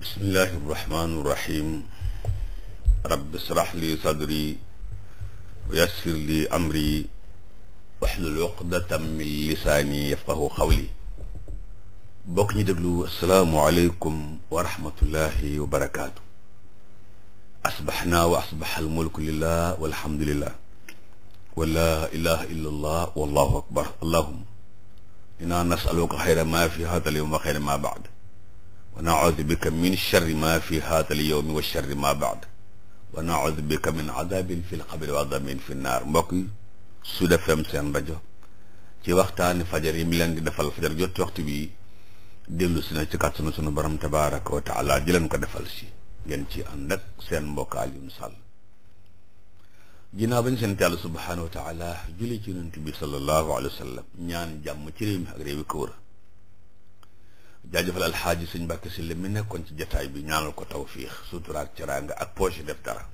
bismillahi irrahmani irrahim rabbi israh li sadri wa yassir li amri waxlul uqdatam min lisaani yafqahu xawli bokk ñu déglu asalaamualeykum wa rahmatullahi wa barakaatu asbaxnaa wa asbaxa almulku lillah walhamdulillah wa laa ilaha illa allah wallahu akbar allahuma inaa nasaluka xayra ma fi hada al yowm wa xayra ma baad wa naudu bika min charri ma fi haata al yowmi wa charri ma baad wa naudu bika min adabin fi lqabri wa adabin fi naar mbokk yi Sud FM seen rajo ci waxtaani fajar yi mi leen di defal fajar jot waxtu bi dellu si na ci kàttanu sunu borom tabaraka wa taala di leen ko defal si ngeen ci ànd ak seen mbokk Alioune Sall ginnaaw bañ seen te yàlla subhanahu wa taala julli ci yonent bi sallallahu alayhi wa sallam ñaan jàmm ci réew mi ak réew yi ko wër jaajëfal alxaaji sëñ Mbàkke Sylla mi nekkoon ci jataay bi ñaanal ko tawfiix suturaak ceraanga ak poche def dara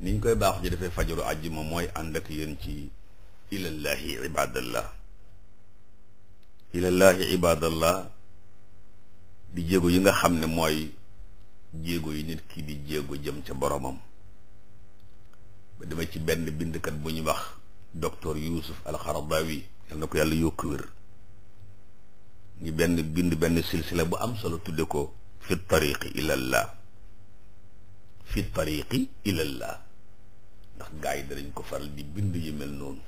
ni ñu koy baax ji dafay fajaru àjjuma mooy ànd ak yéen ci ilallahi ibadallah ilallahi ibadallah di jéego yi nga xam ne mooy jéego yi nit ki di jéego jëm ca boromam ba dama ci benn bindkat bu ñu wax docteur Yuusuf alxaradawi yal na ko yàlla yokk wér ñu benn bind benn silsila bu am solo tudde ko fi tariqi ilallah fi tariqi ilallah ndax gaa yi danañ ko faral di bind yu mel noonu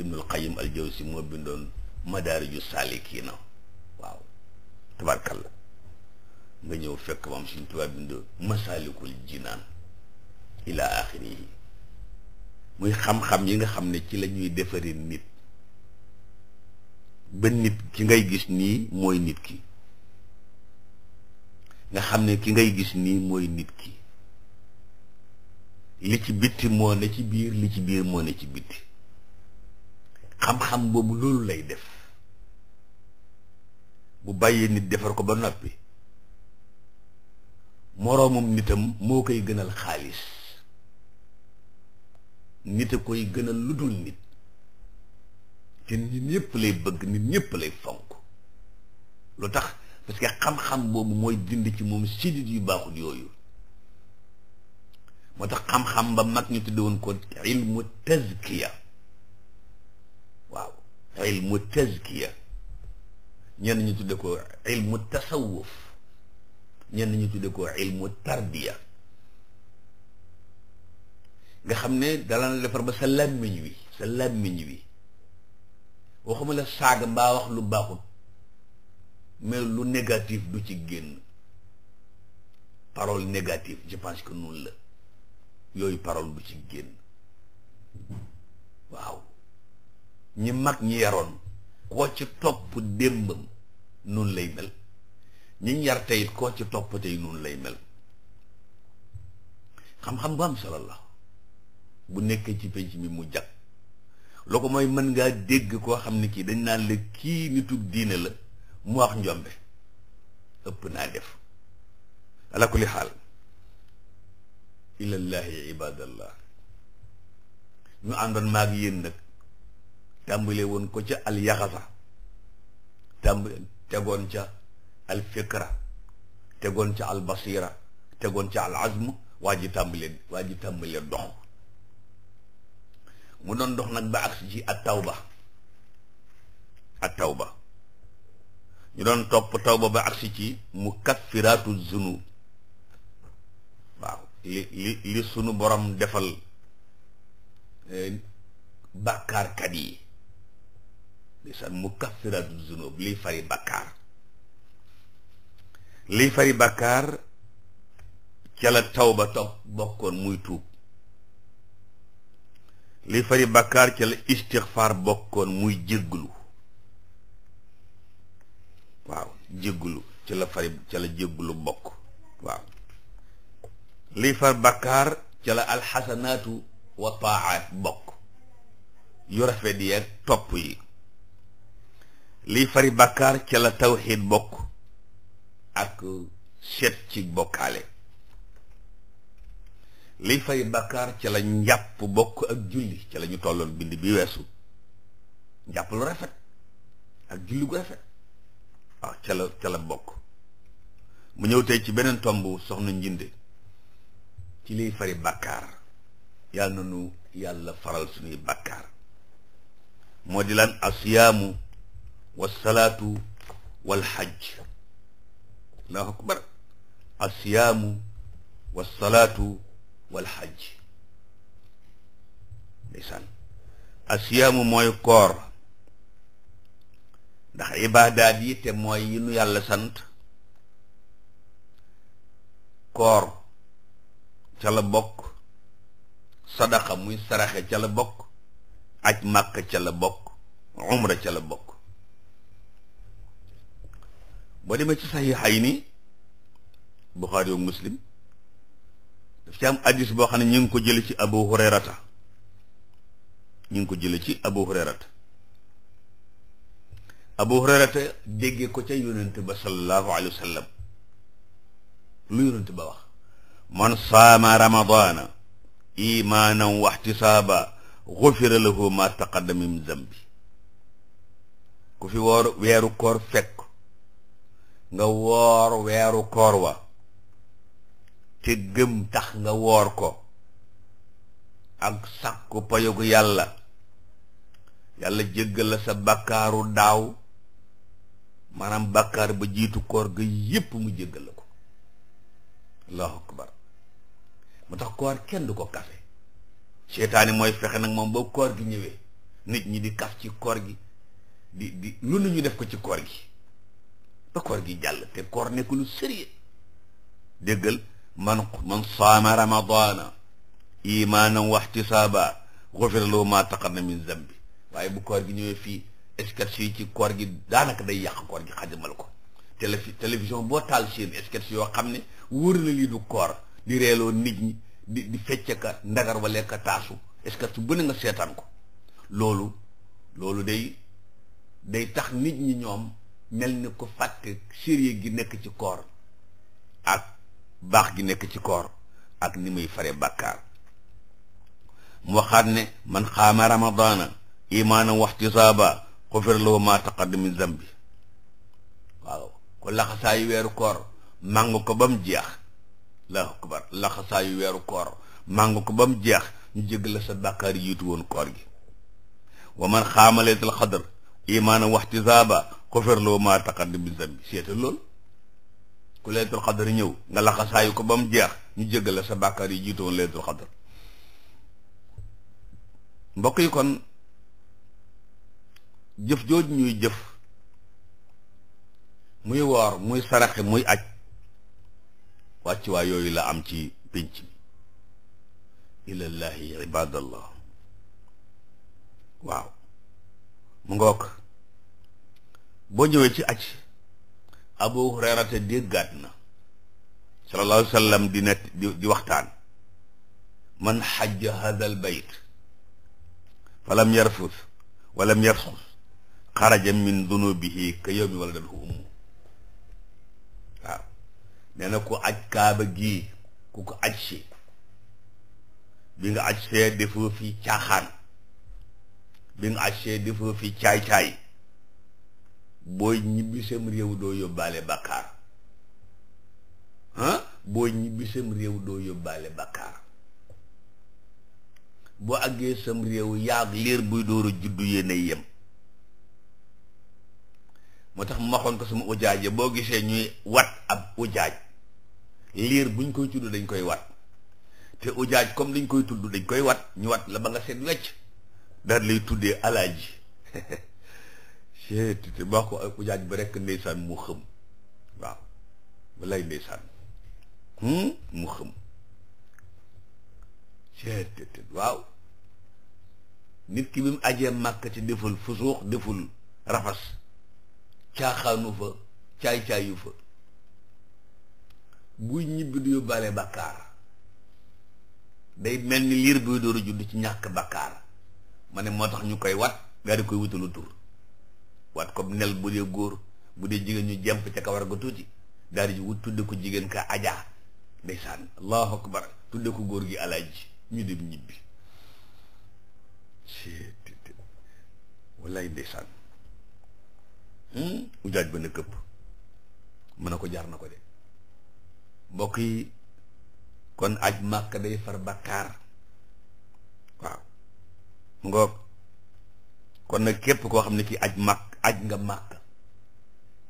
ibnul qayim al moo bindoon madaariju saalikiina waaw tabarkalla nga ñëw fekk moom suñ tubaab bind masaalikul jinaan ila axirihi muy xam-xam yi nga xam ne ci la ñuy defaree nit ba nit ki ngay gis nii mooy nit ki nga xam ne ki ngay gis nii mooy nit ki li ci bitti moo ne ci biir li ci biir moo ne ci bitti xam-xam boobu loolu lay def bu bàyyee nit defar ko ba noppi moroomam nitam moo koy gënal xaalis nit a koy gënal lu dul nit te nit ñëpp lay bëgg nit ñëpp lay fonk lu tax parce que xam-xam boobu mooy dindi ci moom sidit yu baaxul yooyu moo tax xam-xam ba mag ñu tudde woon ko ilmu tazkiya waaw ilmu tazkiya ñenn ñu tudde ko ilmu tasawuf ñenn ñu tudde ko ilmu tarbiya nga xam ne dalaan defar ba sa làmmiñ wi sa làmmiñ wi waxuma la saaga mbaa wax lu baaxul mais lu négatif du ci génn parole négative je pense que noonu la yooyu parole du ci génn waaw ñi mag ñi yaroon koo ci topp démbam noonu lay mel ñi yar tey koo ci topp tey lay mel xam-xam bu am solo la bu nekkee ci penc mi mu jag loo ko mooy mën ngaa dégg koo xam ne kii dañ naan la kii nitug diin la mu wax njombe ëpp naa def ala kulli xaal ilallahi ibadallah ñu àndoon maag yéen nag tàmbale woon ko ca al yaxasa tàmb tegoon ca al fikra tegoon ca al basira tegoon ca al azm waa ji tàmbale waa tàmbale dox mu doon dox nag ba agsi ci at tawba at tawba ñu doon topp tawba ba agsi ci mukaffiraatu zunub waaw li li li sunu borom defal eh, bàkkaarkat yi lisan mukaffiraatu zunub liy fari bàkkaar liy fari bàkkaar ca la tawba topp bokkoon muy tuub li fari bàkkaar ca la istixfaar bokkoon muy jégglu waaw jégglu ci la fari ca la jégglu bokk waaw li far bàkkaar ca la alxasanaatu wa taaat bokk yu rafet yi ak topp yi liy fari bàkkaar ca la tawxiid bokk ak seet ci bokkaale liy fay bàkkaar ca la njàpp bokk ak julli ca la ñu tolloon bind bi weesu njàpp lu rafet ak julli gu rafet ca la bokk mu ñëw tey ci beneen tomb soxna njinde ci liy fari bàkkaar yàlla na yàlla faral suñuy bàkkaar moo di lan asiyaamu wasalaatu walxaj allahu akbar asiyaamu wasalaatu wal xaj ndeysaan asiyaamu mooy koor ndax ibaadaat yi te mooy yi nu yàlla sant koor ca la bokk sadaqa muy saraxe ca la bokk aj màkk ca la bokk umra ca la bokk boo demee ci saxiixay ni buxaari wa muslim daf ci am hadis boo xam ne ñu ngi ko jële ci abu hurayrata ñu ngi ko jële ci abu hurayrata abu hurayrata dégge ko ca yonent ba sallallahu alayhi wa sallam lu yonent ba wax man saama ramadaana imaanan wa ihtisaaba gufira lahu ma taqaddama min zambi ku fi woor weeru koor fekk nga woor weeru koor wa te gëm tax nga woor ko ak sàkku payogu yàlla yàlla jéggal la sa bàkkaaru daaw maanaam bàkkaar ba jiitu koor ga yépp mu jéggal la ko allahu akbar mu tax koor kenn du ko kafe seytaane mooy fexe nag moom ba koor gi ñëwee nit ñi di kaf ci koor gi di di lu ñu def ko ci koor gi ba koor gi jàll te koor nekk lu sérieux déggal man man saama ramadaana imaanan wa ihtisaaba gufira lahu maa taqaddama min zambi waaye bu koor gi ñëwee fii sketch yi ci koor gi daanaka day yàq koor gi xajamal ko télé télévision boo taal seen sketch yoo xam ne wóor na lii du koor di reeloo nit ñi di di fecce ka ndagar wala ka taasu sketch bu ne nga seetaan ko loolu loolu day day tax nit ñi ñoom mel ni ko fàtte sérieux gi nekk ci koor baax gi nekk ci koor ak ni muy fare bàkkaar mu waxaat ne man xaama ramadaana imaana waxtisaaba xufir lahu ma taqaddama min zambi ku laxasaayu weeru koor màng ko ba mu jeex allahu weeru koor màng ko ba mu jeex ñu jëgg la sa bàkkaar yiitu woon koor gi wa man xaama laylatal xadr imaana waxtisaaba xufir lahu ma taqaddama min zambi seeta loolu ku laytul xadar ñëw nga laxasaayu ko ba mu jeex ñu jéggal la sa bàkkaar yi jiitowoon laytul xadar mbokk yi kon jëf jooju ñuy jëf muy woor muy saraxe muy aj wàccuwaay yooyu la am ci pénc mi ilallahi ibadallah waaw mu ngook boo ñëwee ci aj abu hurayrata déggaat na sallallahu alayhi di waxtaan man xajja hada al bayt falam yarfus walam yarxus xaraja min dunubihi ka yowmi wala dal hu ku aj kaaba gii ku ko aj si bi nga aj caaxaan bi nga aj see caay-caay booy ñibbi sam réew doo yóbbaale bàkkaar ah booy ñibbi sam réew doo yóbbaale bàkkaar boo àggee sëm réew yaag liir buy door a juddu yéen yem moo tax ma waxoon ko suma ujaaj ya boo gisee ñuy wat ab ujaaj liir buñ koy tudd dañ koy wat te ujaaj comme dañ koy tudd dañ koy wat ñu wat la ba nga seet wecc daal lay tuddee alaaji seetite wax ko ak ujaaj ba rekk ndeysaan mu xëm waaw walay ndeysaan hmm? mu xëm seetite waaw nit ki bi mu ajee màkk ci deful fusuux deful rafas caaxaanu fa caay-caayu fa buy ñibbi du yóbbaale bàkkaar day mel ni liir buy dooru judd ci ñàkk bàkkaar ma moo tax ñu koy wat daa di koy wutalu tur wat ko nel bu dee góor bu dee jigéen ñu jemp ca kawar ga tuuti daal di wut tudde ko jigéen ka ajaa ndeysaan allahu akbar tudde ko góor gi ji ñu dem ñibbi wallaay ndeysaan hmm? ujaaj ba na këpp mën a ko jaar na ko de mbokk yi kon aj màkk day far bakkaar waaw mu ngoog kon nag képp koo xam ne kii aj màkk aj nga màkk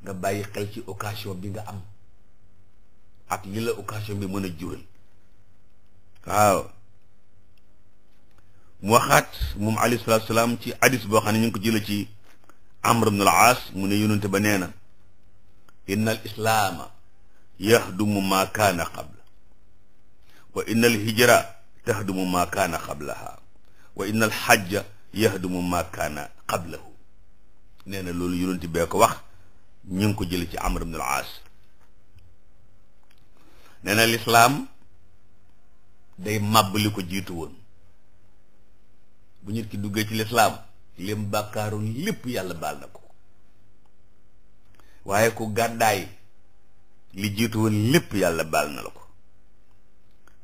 nga bàyyi xel ci occasion bi nga am ak li la occasion bi mën a jural waaw mu waxaat moom alayhi salaatu salaam ci hadis boo xam ne ñu ngi ko jëlee ci amr ibn al aas mu ne yonente ba nee na inna al islaama yaxdumu maa kaana qabla wa inna al hijra taxdumu maa kaana qablaha wa inna al xajja yaxdumu maa kaana qablahu nee na loolu yonent bee ko wax ñu ngi ko jële ci amr ibn aas nee na lislaam day màbb li ko jiitu woon bu nit ki duggee ci lislaam lim bàkkaaroon lépp yàlla baal na ko waaye ku gàddaay li jiitu woon yàlla baal na la ko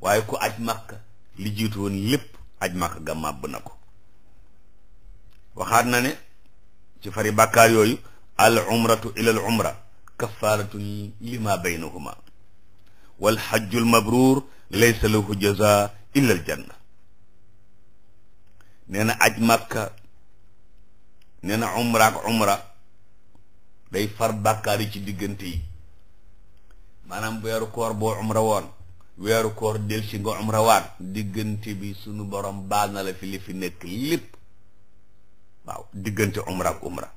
waaye ku aj màkk li jiitu woon lépp aj màkk ga màbb na ko waxaat na ne ci fari bàkkaar yooyu al umratu ila al umra kafaaratun lima baynahuma wal xajjul mabruur laysa lahu jaza illa al janna nee aj màkka nee na umra ak day far bàkkaar yi ci diggante yi maanaam weeru koor boo umra woon weeru koor del si nga umra waat bi sunu borom baal na la fi nekk lépp waaw diggante umra ak umra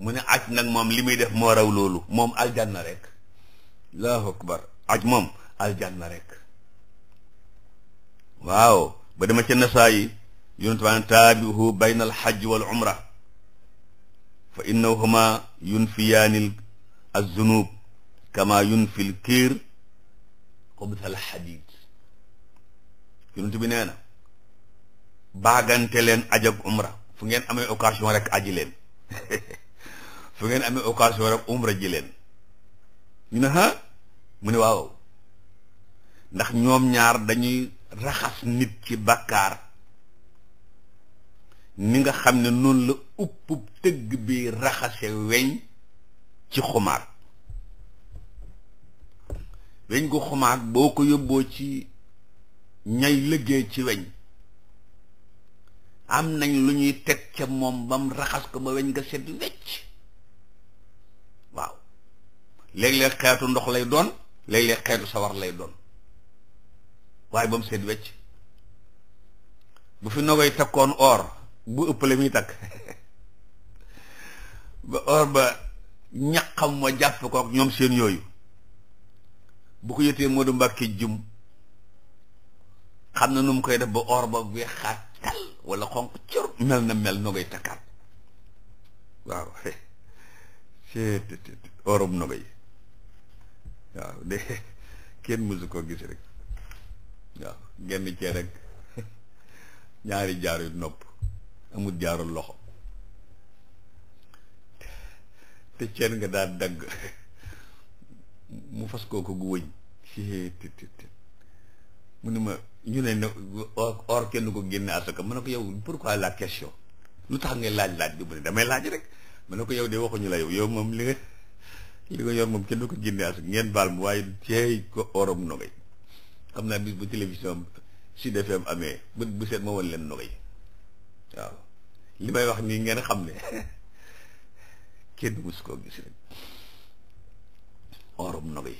mu ne aj nag moom li muy def moo raw loolu moom aljanna rek allahu akbar aj moom aljanna rek waaw ba dama ca nasaa yi yonent baa ne taabihu bayna alxajj wal umra fa innahuma yunfiyaani alzunub kama yunfi lkiir xubs alxadid yonent bi nee na baagante leen aj ak umra fu ngeen amee occasion rek aji leen fu ngeen amee occasion rek umra ji leen ñu ne ha mu ne waaw ndax ñoom ñaar dañuy raxas nit ci bàkkaar ni nga xam ne noonu la uppub tëgg bi raxase weñ ci xumaar weñ gu xumaar boo ko yóbboo ci ñay liggéey ci weñ am nañ lu ñuy teg ca moom bam raxas ko ba weñ nga sedd wecc waaw léeg-léeg xeetu ndox lay doon léeg-léeg xeetu sawar lay doon waaye ba mu sedd wecc bu fi nogoy koon or bu ëppale muy takk ba or ba ñaqam ma jàpp ko ñoom seen yooyu bu ko yëtee Modou Mbacke jum xam na nu mu koy def ba or ba weexaat wala xonq cër mel na mel nogay takkaat waaw cee orom nogay waaw de kenn mësu ko gis rek waaw genn cee rek ñaari jaar yu nopp amul jaarul loxo te ceen nga daan dagg mu fas kooku gu wëñ mu ne ma ñu ne ne or or kenn ko génne asaka ma ne ko yow pourquoi la question lu tax ngay laaj laaj bi mu ne damay laaj rek ma ne ko yow de waxuñu la yow yow moom li nga li nga yor moom kenn du ko génne asaka ngeen baal mu waaye tey ko orom nogay xam naa bis bu télévision Sud FM amee bu bu seet ma woon leen nogay waaw li may wax nii ngeen xam ne kenn mus koo gis rek orom nogay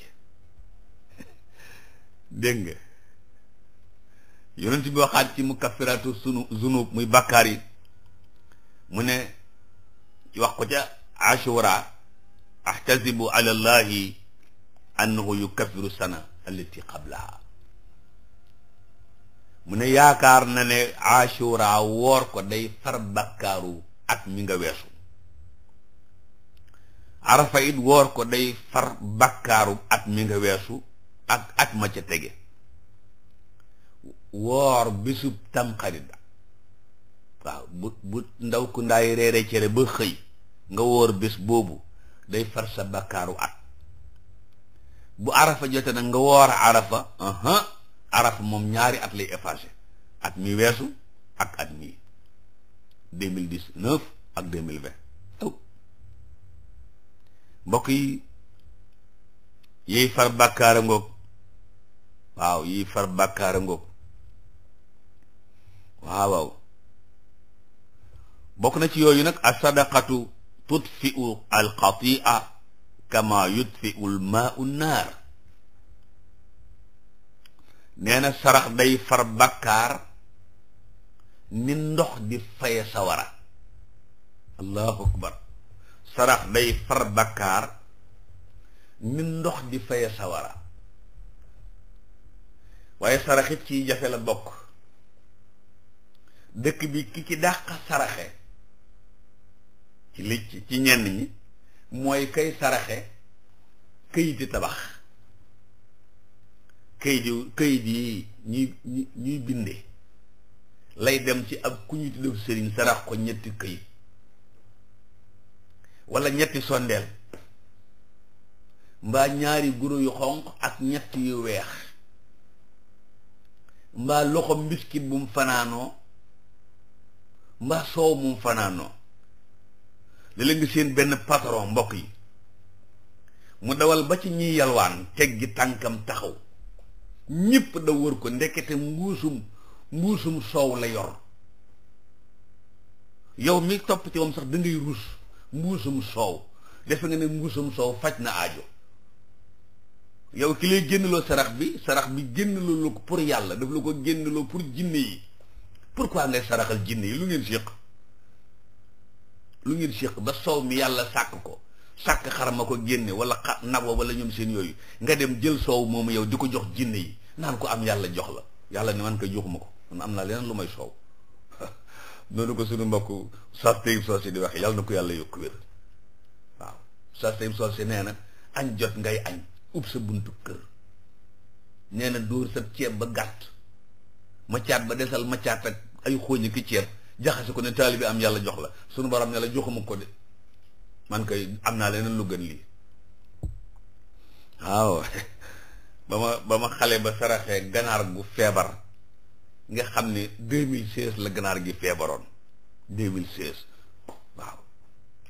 dégg nga yonent bi waxaat ci mukaffiratu sunu zunub muy bàkkaar yi mu ne wax ko ca ashura ahtasibu ala llahi annahu yukaffiru sana allati qablaha mu ne yaakaar na ne ashura woor ko day far bàkkaaru at mi weesu arafa ko day far bàkkaaru mi nga weesu ak at ma ca tege woor bisub tamxarit waaw bu bu ndaw ku ndaay reere cere ba xëy nga wóor bés boobu day far sa bakkaaru at bu arafa jote nag nga woor arafa arafa moom ñaari at lay effacé at mi weesu ak at mi deux mille dix neuf ak deux mille yiy far bàkkaara ngoog waaw yiy far bàkkaara ngoog waaw bokk na ci yooyu nag as-sadaqatu tudfi'u al-xati'a kama yudfi'u al-maa'u an-naar nee na sarax day far bàkkaar ni ndox di faye sawara allahu akbar sarax day far bàkkaar ni ndox di faye sawara waaye saraxit ciy jafe la bokk dëkk bi ki ci dàq saraxe ci li ci ñenn ñi mooy kay saraxe këyiti tabax këyit yu yi ñuy ñuy binde lay dem ci ab ku ñu tudd sëriñ sarax ko ñetti këyit wala ñetti sondeel mbaa ñaari guro yu xonq ak ñett yu weex mbaa loxo mbiskit bu fanaanoo mbaa soow mum fanaanoo léeg-léeg seen benn patron mbokk yi mu dawal ba ci ñiy yalwaan teg gi tànkam taxaw ñépp da wër ko ndekete mbuusum mbuusum soow la yor yow mi topp ci moom sax da ngay ruus mbuusum soow defe nga ne mbuusum soow faj na aajo yow ki lay génnloo sarax bi sarax bi génnloo la ko pour yàlla daf lu ko génnloo pour jinne yi pourquoi ngay saraxal jinne yi lu ngeen séq lu ngeen séq ba soow mi yàlla sàkk ko sàkk xar ma ko génne wala xa nag wala ñoom seen yooyu nga dem jël soow moom yow di ko jox jinne yi naan ko am yàlla jox la yàlla ne man koy ma ko man am naa leneen lu may soow noonu ko suñu mbokk sas tayib soosé di wax yàlla na ko yàlla yokku wér waaw sas tayib soosé nee na añ jot ngay añ ub sa buntu kër nee na dóor sa ceeb ba gàtt macaat ba desal macaat ak ay xooñi ki ceeb jaxase ko ne taali bi am yàlla jox la sunu borom ne la joxuma ko de koy am naa leneen lu gën lii waaw ba xale ba saraxee ganaar gu feebar nga xam ne 2016 la ganaar gi feebaroon 2016 waaw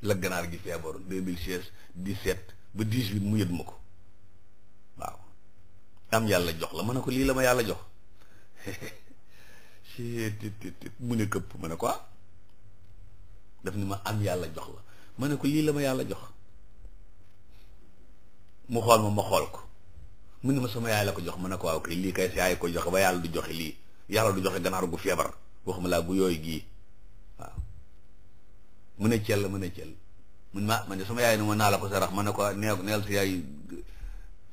la ganaar gi feebaroon 2016 17 ba 18 mu yët ma ko waaw am yàlla jox la ma ne ko lii la ma yàlla jox mu ne këpp ma ne ko ah? daf ni ma am yàlla jox la ma ne ko lii la ma yàlla jox mu xool ma ma xool ko mu ne ma sama yaay la ko jox ma ne ko waaw kay ba yàlla du joxe lii yàlla du joxe ganaar gu feebar waxuma laa gu yooyu gii waaw mu ne cell mu ne cell mun ma ah, man de sama yaay ne ma naa la ko sarax ma ne ko nee neel sa yaay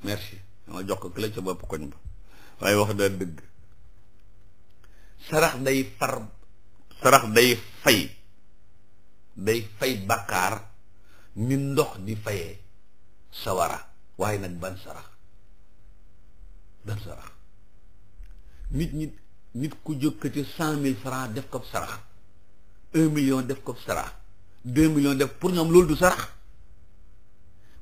merci ma jox ko kële ca bopp koñ ba waaye wax dëgg sarax day far sarax day fay day fay bàkkaar ni ndox di fayee sawara waaye nag ban sarax ban sarax nit ñi nit ku jókkati cent mille francs def ko sarax un million def ko sarax deux millions def pour ñoom loolu du sarax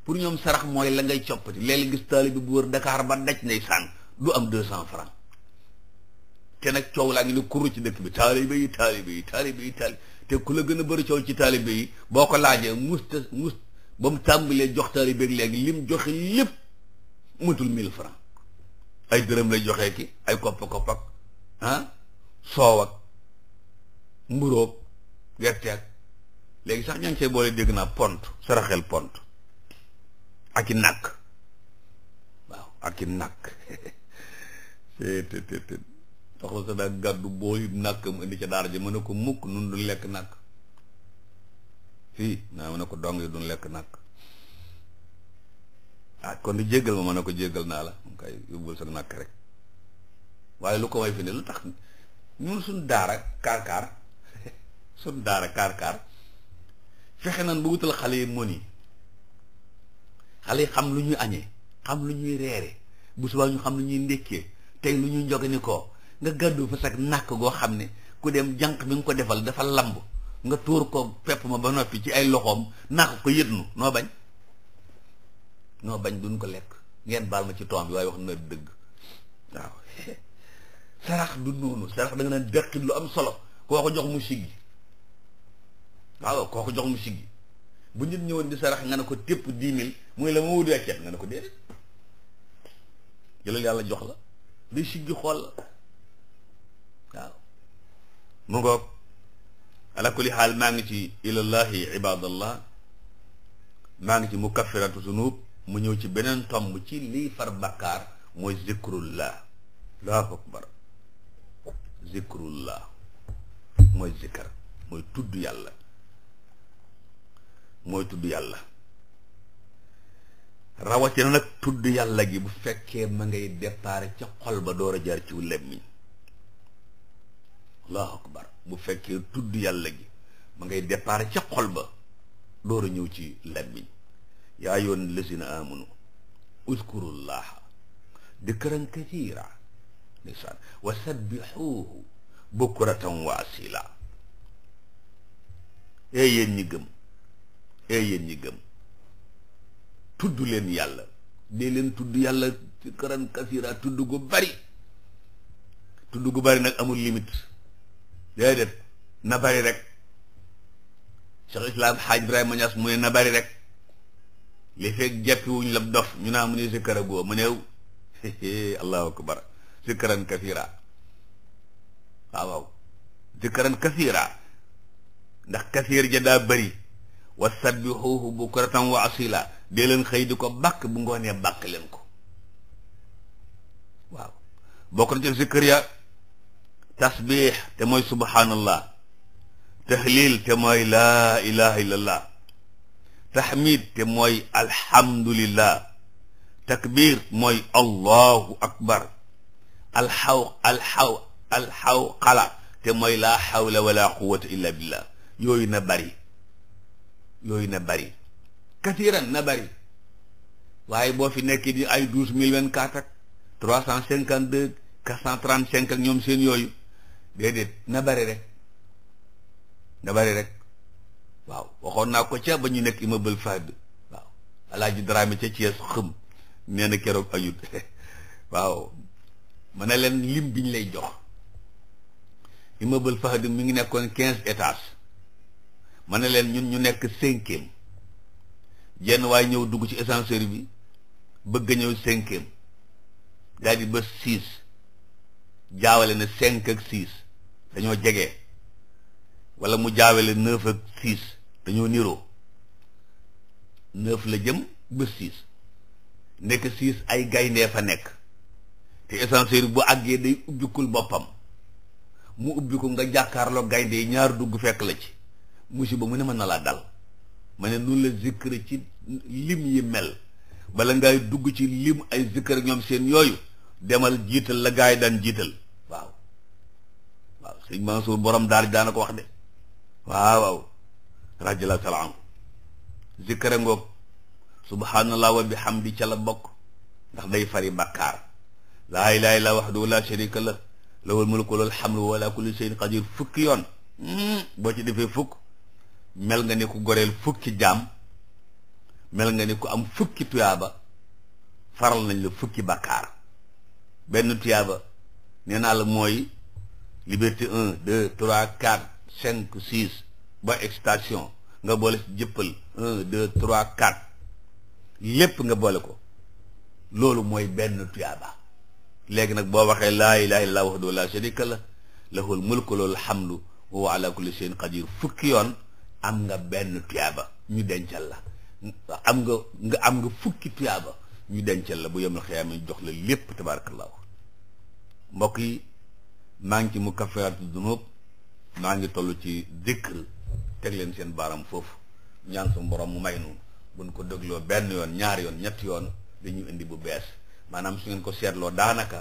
pour ñoom sarax mooy la ngay coppati léeg gis taalibe bu wër Dakar ba daj nay sànn du am deux cent francs te nag coow laa ngi ni kuru ci dëkk bi taalibe yi taalibe yi taalibe yi taalibe te ku la gën a bëri coow ci taalibe yi boo ko laajee musta mus ba mu tàmbalee jox taalibe léegi lim joxe lépp mëtul mille francs ay dërëm lay joxee ki ay koppa koppak ah soow ak mburóog gerteeg léegi sax ña ngi see boole dégg naa pont saraxel pont ak i nàkk waaw ak i nàkk soxla sa daa gàddu booyub ji mën ko mukk nun lekk nàkk fii ko dong yi lekk nàkk ah kon di jéggal ma mën ko jéggal naa la sa nàkk rek waaye lu ko may fi ne lu tax ñun suñ daara kaar-kaar suñ daara kaar-kaar fexe nan ba wutal xale yi mën yi xale yi xam lu ñuy añee xam lu ñuy reere bu subaa ñu xam lu ñuy ndékkee tey lu ñuy njoge ni ko nga gàddu fa sag nàkk goo xam ne ku dem jànq bi nga ko defal dafa lamb nga tuur ko pepp ma ba noppi ci ay loxoom nàkk ko yëtnu noo bañ noo bañ duñ ko lekk ngeen baal ma ci toom bi waaye wax na dëgg waaw du noonu sarax da nga naan lu am solo koo ko jox mu siggi waaw koo ko jox mu siggi bu nit ñëwoon di sarax nga ne ko tépp dix mille muy la ma wuti ak ceeb nga ne ko déedéet jëlal yàlla jox la day siggi xool la mu ngoog ala kulli xaal maa ngi ci ilallahi ibadallah maa ngi ci mukaffiratu zunub mu ñëw ci beneen tomb ci lii far bakkaar mooy zikrullah allahu akbar zikrullah mooy zikar mooy tudd yàlla mooy tudd yàlla rawatina nag tudd yàlla gi bu fekkee ma ngay départ ca xol ba door a jaar ci làmmiñ allahu akbar bu fekkee tudd yàlla gi mu ngay départ ca xol ba door a ñëw ci làmmiñ yaa yoon lazina amanu uzkurullaha dikran kathira ndeysaan wa sabbixuuhu bukratan wa asila ee yéen ñi gëm ee yéen ñi gëm tudd leen yàlla dee leen tudd yàlla dikran kathira tudd gu bari tudd gu nag amul limite déedéet na bari rek Cheikh Islam Xaaj Ibrahima Ñas mu ne na bari rek li fekk jàppiwuñ la dof ñu naa mu ne sikkara goo mu néew allahu akbar sikkaran kasiira waaw waaw sikkaran ndax kasiir ja daa bëri wa sabbixuuhu bukratan wa asila dee leen xëy ko bàkk bu ngoonee bàkk leen ko waaw bokk ya tasbiix te mooy subhaanallah tahlil te mooy laa ilaha illallah tahmid te mooy alhamdulillah takbir mooy allahu akbar alxaw alxaw te mooy laa xawla wala quwata illa billah yooyu na bari yooyu na bari kasiran na boo fi nekk di ay douze mille vingt-quatre ak trois cent cinquante deux quatre cent trente-cinq ak ñoom seen yooyu déedéet na bari rek na bari rek waaw waxoon naa ko ca ba ñu nekk immeuble Fahd waaw alaaji Dramé ca Thiès xëm nee keroog ayut waaw ma ne leen lim bi ñu lay jox immeuble Fahd mi ngi nekkoon quinze étages ma ne leen ñun ñu nekk cinquième jenn waaye ñëw dugg ci ascenseur bi bëgg a ñëw cinquième daal di ba six jaawale na cinq ak six dañoo jege wala mu jaawele neuf ak six dañoo niroo neuf la jëm ba six nekk six ay gayndee fa nekk te ascenseur bu àggee day ubbikul boppam mu ubbiku nga jàkkaarloo gaynde yi ñaar dugg fekk la ci musiba mu ne mën na laa dal ma ne nun la zikkër ci lim yi mel bala ngay dugg ci lim ay zikkër ñoom seen yooyu demal jiital la yi daan jiital waaw sëñ Mansour borom daal daana ko wax de waaw waaw rajala salaam zikkara ngoog subhanallah wa bi ca la bokk ndax day fari bàkkaar laa ilaaha illa wahdahu la sharika la lahul mulku wal hamdu wa ala kulli shay'in qadir fukki yoon hmm, boo ci defee fukk mel nga ne ku goreel fukki jaam mel nga ne ku am fukki tuyaaba faral nañ la fukki bàkkaar benn tuyaaba nee naa mooy liberté 1 2 3 4 5 6 ba extension nga boole si jëppal 1 2 lépp nga boole ko loolu mooy benn tuyaaba léegi nag boo waxee laa ilaha illallah wahdahu la sharika la lahul mulku loolu hamdu wa huwa ala kulli shay'in qadir fukki yoon am nga benn tuyaaba ñu dencal la am nga am nga fukki tuyaaba ñu dencal la bu yemul xiyaama ñu jox la lépp tabarakallahu mbokk maa ngi ci mu kafaaratu dunub maa ngi toll ci zikr teg leen seen baaram foofu ñaan suñu mu may nu buñ ko dégloo benn yoon ñaari yoon ñetti yoon dañu indi bu bees maanaam su ngeen ko seetloo daanaka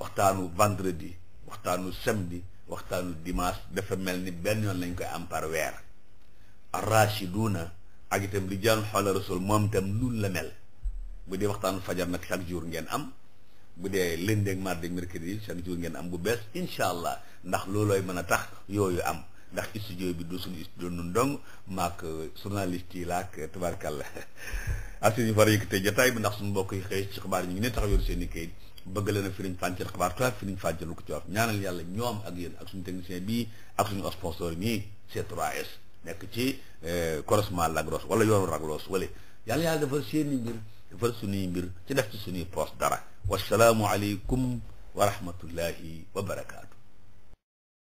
waxtaanu vendredi waxtaanu samedi waxtaanu dimanche dafa mel ni benn yoon lañ koy am par weer arrachiduuna ak itam li jaan xoola rasul moom itam nun la mel bu dee waxtaanu fajar nag chaque jour ngeen am bu dee lundi ak mardi ak mercredi chaque jour ngeen am bu bees incha allah ndax loolooy mën a tax yooyu am ndax studio bi du suñu studio nun dong maak euh, journaliste yi laak euh, tubaarkàlla assuñu far yëkkate jotaay bi ndax mbokk yi xëy ci xabaar ñu ngi ne taxaw yoon seen i kayit bëgg leen a firiñ fànceel xabaar tuwaat firiñ fànceel lu ko ci wax ñaanal yàlla ñoom ak yéen ak suñu technicien bii ak suñu sponsor mii c 3 nekk ci euh, croisement Lagros wala yoonu Raglos wala yàlla yàlla defal seen i mbir defal suñuy mbir ci def ci suñuy poste dara wasalaamu aleykum wa rahmatullahi wa barakaatu.